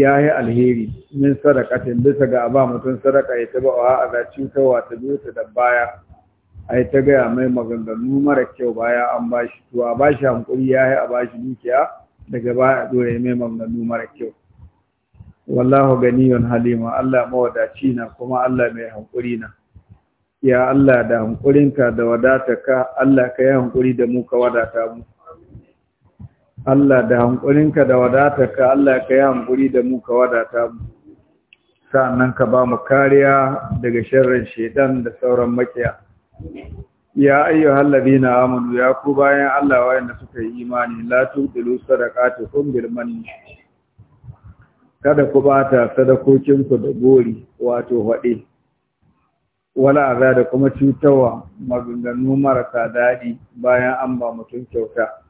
yahi alheri min sadaqatin bisa ga ba mutum sadaka ya taba wa a zaci ta biyo ta da baya ai ta gaya mai maganganu mara kyau baya an bashi to a bashi hankuri yahi a bashi dukiya daga baya a dore mai maganganu mara kyau wallahu ganiyun halima Allah mawadaci na kuma Allah mai hankuri na ya Allah da hankurinka da wadataka, Allah ka yi hankuri da mu ka wadata mu Allah da hankulinka da wadatarka Allah ka yi hankuri da mu ka wadata mu sa'annan ka ba mu kariya daga sharrin shedan da sauran makiya ya hallabi na amanu ya ku bayan Allah wayanda suka yi imani la tudilu sadaqatukum bil manni kada ku bata sadakokinku da gori wato hade wala aza da kuma cutawa, maganganu marasa daɗi bayan an ba mutum kyauta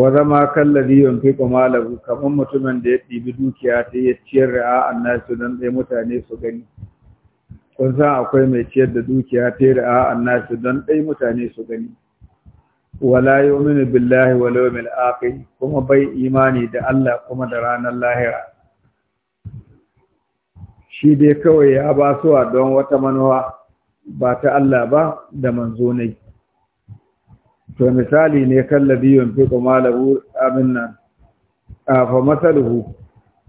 wa zama kallazi yunfiqu malahu kamar mutumin da ya ɗibi dukiya ta iya ciyar ra'a su don ɗaya mutane su gani kun san akwai mai ciyar da dukiya ta ra'a su don ɗaya mutane su gani wala yu'minu billahi wala yi akhir kuma bai imani da Allah kuma da ranar lahira shi dai kawai ya suwa don wata manuwa ba ta Allah ba da manzo ne to misali ne kallabi abin nan a fa masaluhu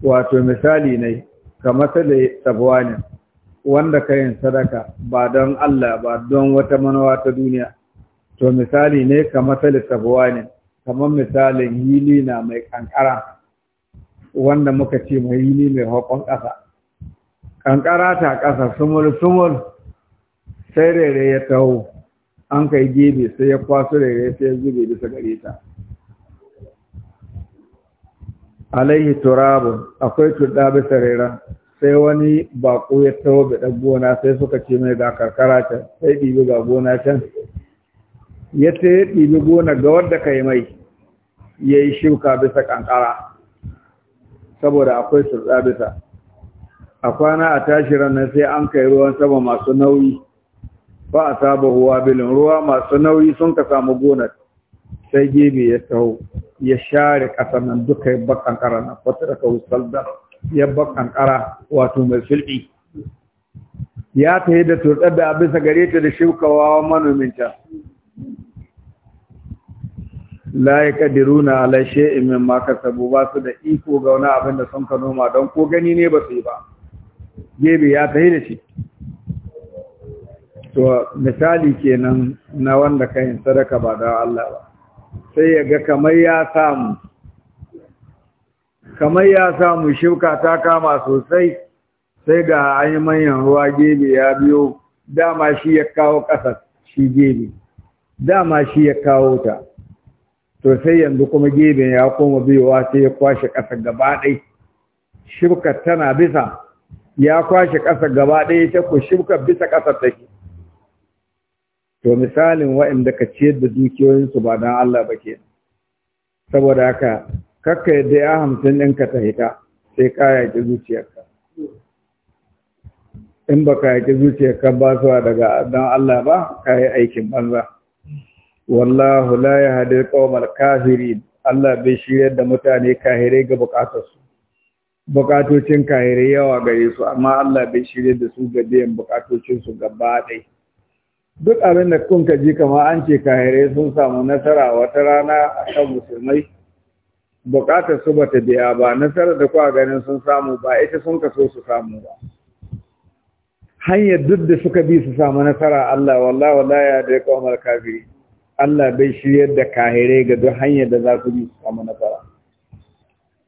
wato misali ne ka masale tabwani wanda kayin sadaka ba don Allah ba don wata manawa ta duniya to misali ne ka masale tabwani kamar misalin hili na mai kankara wanda muka ce mai hili mai hokon ƙasa kankara ta ƙasa sumul sumul sai rere ya taho an kai gebe sai ya kwaso rere sai ya zube bisa gare ta alaihi Turabu akwai tudda bisa raira. sai wani bako ya taho da gona sai suka ce mai ga karkara ta sai ɗibi ga gona can ya ta ya gona ga wadda ka mai ya yi shuka bisa kankara saboda akwai surɗa bisa a kwana a tashi nan sai an kai ruwan sama masu nauyi ba a saba huwa bilin ruwa masu nauyi sun ka samu gonar sai gebe ya tau ya share ƙasa nan duka ya bak kankara na da daga salda ya bak kankara wato mai filɗi ya ta da turɗa da abin gare ta da wa manomin ta la ya kadiruna ala shay'in mimma kasabu ba su da iko ga wani abin da sun ka noma don ko gani ne ba su yi ba gebe ya ta da shi to misali kenan na wanda ka sadaka ba da Allah ba sai ya ga kamar ya samu kamar ya samu shuka ta kama sosai sai ga an yi manyan ruwa gebe ya biyo dama shi ya kawo ƙasar shi gebe dama shi ya kawo ta to sai yanzu kuma geben ya koma biyowa sai ya kwashe ƙasar gaba ɗai shibkar tana bisa ya kwashe ƙasar gaba ɗaya ta ku shibkar bisa ƙasar take to misalin waɗanda ka ciyar da dukiyoyinsu ba don Allah ba ke saboda haka kakka yadda ya hamsin ka ta hita sai ka yaƙi zuciyarka in ba ka yaƙi zuciyarka ba wa daga don Allah ba ka yi aikin banza wallahu la ya hadir ƙawar kafiri, Allah bai shirya da mutane kahire ga buƙatarsu buƙatocin kahirai yawa gare su amma Allah bai shirya da su ga biyan buƙatocinsu gaba ɗaya duk abin da kun ka ji kama an ce kahirai sun samu nasara wata rana a kan musulmai bukatar su bata biya ba nasarar da kuwa ganin sun samu ba ita sun kaso su samu ba hanyar duk da suka bi su samu nasara Allah wallahi wallahi ya dai kawar kafiri Allah bai shiryar da kahirai ga duk hanyar da za su bi su samu nasara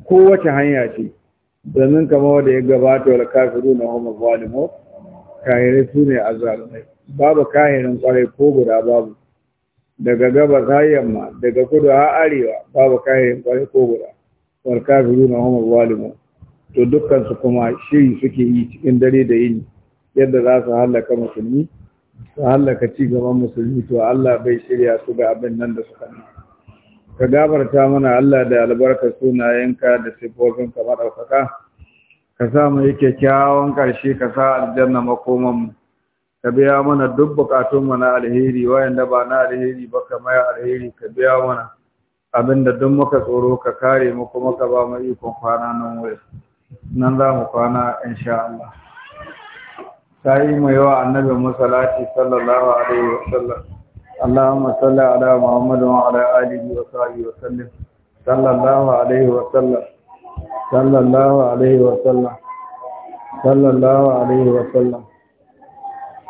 kowace hanya ce domin kama wanda ya gabata wa kafiru na homer zalimu kahirai su ne azzalumai babu kahirin kwarai ko guda babu daga gabas har yamma daga kudu a arewa babu kahirin kwarai ko guda wal na homer zalimun to dukkan su kuma shiri suke yi cikin dare da yini yadda za su hallaka musulmi su hallaka ci gaban musulmi to Allah bai shirya su ga abin nan da suka yi ka gabarta mana Allah da albarkar sunayenka da sifofin ka ɗaukaka ka sa mu yake kyakkyawan ƙarshe ka sa aljanna makoman ka biya mana duk bukatun mu na alheri wayanda ba na alheri ba mai alheri ka biya mana abinda duk muka tsoro ka kare mu kuma ka ba mu ikon kwana nan waya, nan za mu kwana insha Allah sai mu yawa annabi musallati sallallahu alaihi sallam Allahumma salli ala Muhammad wa ala alihi wa sahbihi wa sallim sallallahu alaihi wa sallam sallallahu alaihi wa sallam sallallahu alaihi wa sallam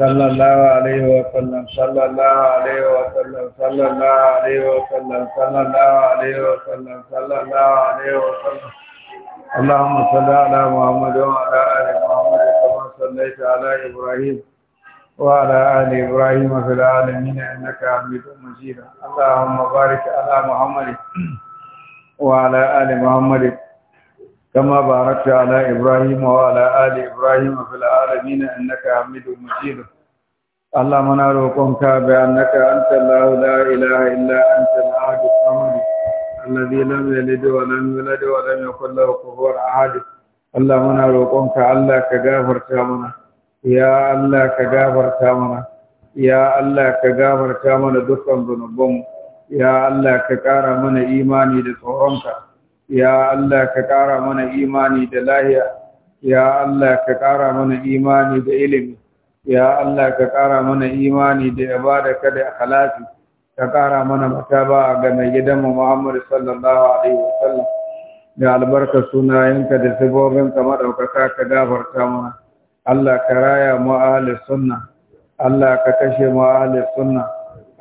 sallallahu alaihi wa sallam sallallahu alaihi wa sallam sallallahu alaihi wa sallam sallallahu alaihi wa sallam sallallahu alaihi wa sallam Allahumma salli wa ala ali Muhammad ala Ibrahim wa ali Ibrahim fi al-alamin innaka Hamidum Majid wa ala كما باركت على إبراهيم وعلى آل إبراهيم في العالمين إنك حميد مجيد اللهم نروقك بأنك أنت الله لا إله إلا أنت الأحد الصمد الذي لم يلد ولم يولد ولم يكن له كفوا أحد اللهم نروقك الله كغافر تامنا يا الله كغافر تامنا يا الله كغافر تامنا دكان ذنوبنا يا الله كقارا من إيماني لتورمك ya Allah ka ƙara mana imani da lahiya ya Allah ka ƙara mana imani da ilimi ya Allah ka ƙara mana imani da ibada ka da akhlaqi ka ƙara mana mataba ga mai gidanmu Muhammad sallallahu alaihi wasallam da albarka sunayenka da sabobin ka madaukaka ka gafarta mana Allah ka raya mu ahli sunna Allah ka kashe mu ahli sunna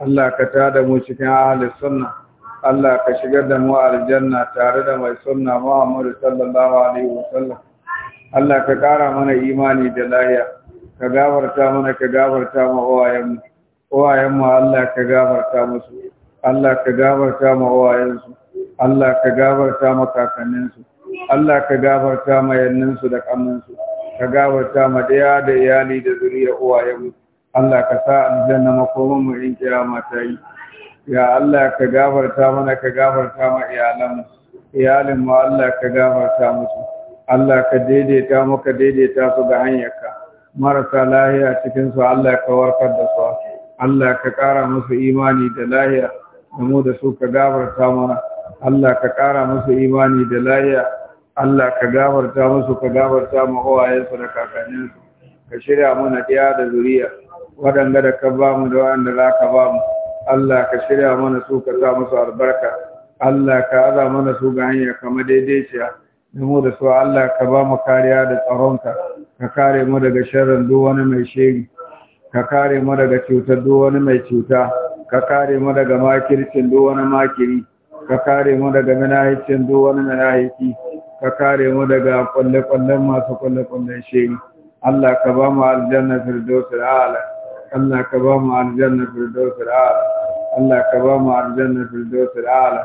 Allah ka tada mu cikin ahli sunna Allah ka shigar da mu aljanna tare da mai sunna Muhammadu sallallahu alaihi wasallam Allah ka ƙara mana imani da lahiya ka gafarta mana ka gafarta ma uwayenmu uwayenmu Allah ka gafarta musu Allah ka gafarta ma uwayensu Allah ka gafarta ma kakanninsu Allah ka gafarta ma su da su ka gafarta ma daya da iyali da zuriya uwayenmu Allah ka sa aljanna makomin mu in kiyama ta yi ya Allah ka gafarta mana ka gafarta ma iyalan iyalin mu Allah ka gafarta musu Allah ka daidaita mu daidaita su ga hanyarka marasa lahiya cikin su Allah ka warkar da su Allah ka kara musu imani da lahiya da mu da su ka gafarta mana Allah ka ƙara musu imani da lahiya Allah ka gafarta musu ka gafarta ma uwayensu da kakanninsu ka shirya mana ɗaya da zuriya waɗanda da ka ba mu da waɗanda za ka ba mu Allah ka shirya mana su ka sa musu albarka Allah ka aza mana su ga hanya kama daidaiciya mu da su Allah ka ba mu kariya da tsaronka ka kare mu daga sharrin duk wani mai shiri ka kare mu daga cutar duk wani mai cuta ka kare mu daga makircin duk wani makiri ka kare mu daga minahicin duk wani minahici ka kare mu daga kwalle-kwallen masu kwalle-kwallen shiri Allah ka ba mu aljanna firdausul a'la Allah ka ba mu aljanna firdausul a'la Allah ka ba mu aljanna firdausul a'la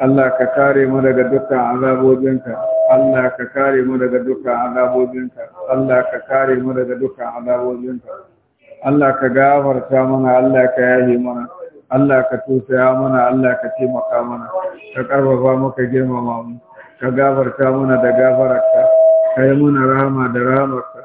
Allah ka kare mu daga dukkan azabobinka Allah ka kare mu daga dukkan azabobinka Allah ka kare mu daga dukkan azabobinka Allah ka gafarta mana Allah ka yahi mana Allah ka tusaya mana Allah ka taimaka mana ka karfafa muka girmama mu ka gafarta mana da gafararka ka yi mana da rahamarka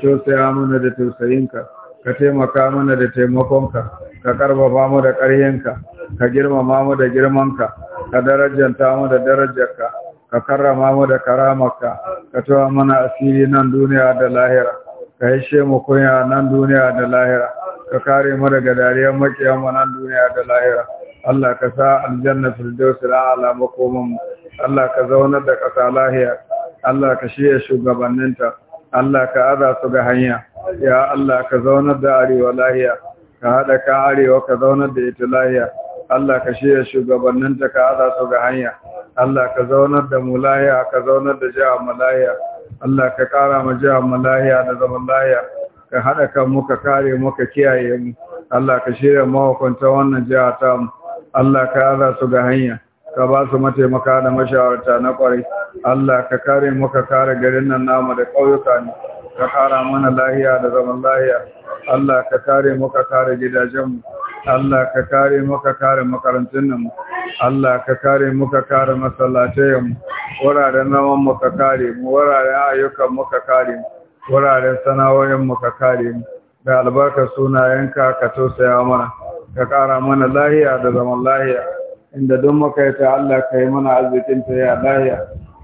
ka mana da tausayinka ka taimaka mana da taimakonka ka karfafa mu da ƙarhinka ka girmama mu da girmanka ka darajanta mu da darajarka ka karrama mu da karamarka ka tuwa mana asiri nan duniya da lahira ka hishe mu kunya nan duniya da lahira ka kare mu daga dariyar makiyan mu nan duniya da lahira Allah ka sa aljanna dawsi ala makomin mu Allah ka zaunar da ƙasa lahiya Allah ka shirya shugabanninta Allah ka aza su ga hanya ya Allah ka zaunar da arewa lahiya ka haɗa ka arewa ka zaunar da ita lahiya Allah ka shirya shugabanninta ka haɗa su ga hanya Allah ka zaunar da mu lahiya ka zaunar da jihar mu lahiya Allah ka ƙara ma jihar mu lahiya da zaman lahiya ka haɗa kan mu ka kare mu ka kiyaye mu Allah ka shirya mahukunta wannan jiha ta mu Allah ka haɗa su ga hanya ka ba su mataimaka da mashawarta na ƙwarai Allah ka kare mu ka kare garin nan namu da ƙauyuka ne ka ƙara mana lahiya da zaman lahiya Allah ka kare mu ka kare gidajenmu Allah ka kare mu ka kare makarantunmu Allah ka kare mu ka kare masallatayenmu wuraren zaman mu ka kare mu wuraren ayyukan mu ka kare mu wuraren sana'o'in mu ka kare mu da albarka sunayenka ka tausaya mana ka ƙara mana lahiya da zaman lahiya inda duk muka yi ta Allah ka yi mana arzikin ta ya lahiya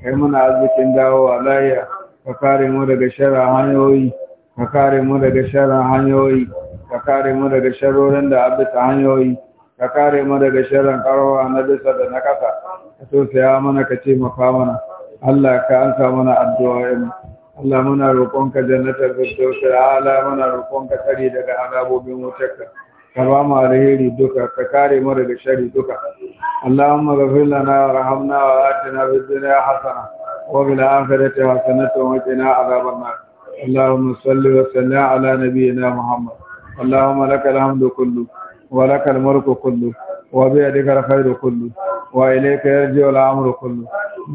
ka yi mana arzikin dawowa lahiya ka kare mu daga shara hanyoyi ka kare mu daga shara hanyoyi ka kare mu daga sharorin da abisa hanyoyi ka kare mu daga sharan karowa na bisa da na kasa ka so saya mana ka ce mafa mana Allah ka ansa mana addu'a mu Allah muna ka jannatar firdausi ala muna ka tsari daga azabobin wutarka ka ba mu alheri duka ka kare mu daga shari duka Allahumma ghfir lana warhamna wa atina fid dunya hasana وفي الآخرة حسنة وقنا عذاب النار اللهم صل وسلم على نبينا محمد اللهم لك الحمد كله ولك الملك كله وبيدك الخير كله وإليك يرجع الأمر كله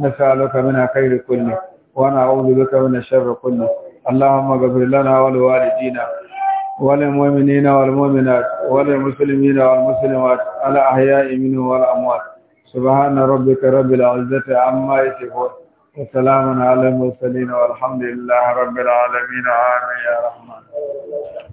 نسألك من الخير كله ونعوذ بك من الشر كله اللهم اغفر لنا ولوالدينا وللمؤمنين والمؤمنات وللمسلمين والمسلمات الأحياء منهم والأموات سبحان ربك رب العزة عما يصفون وسلام على المرسلين والحمد لله رب العالمين آمين يا رحمن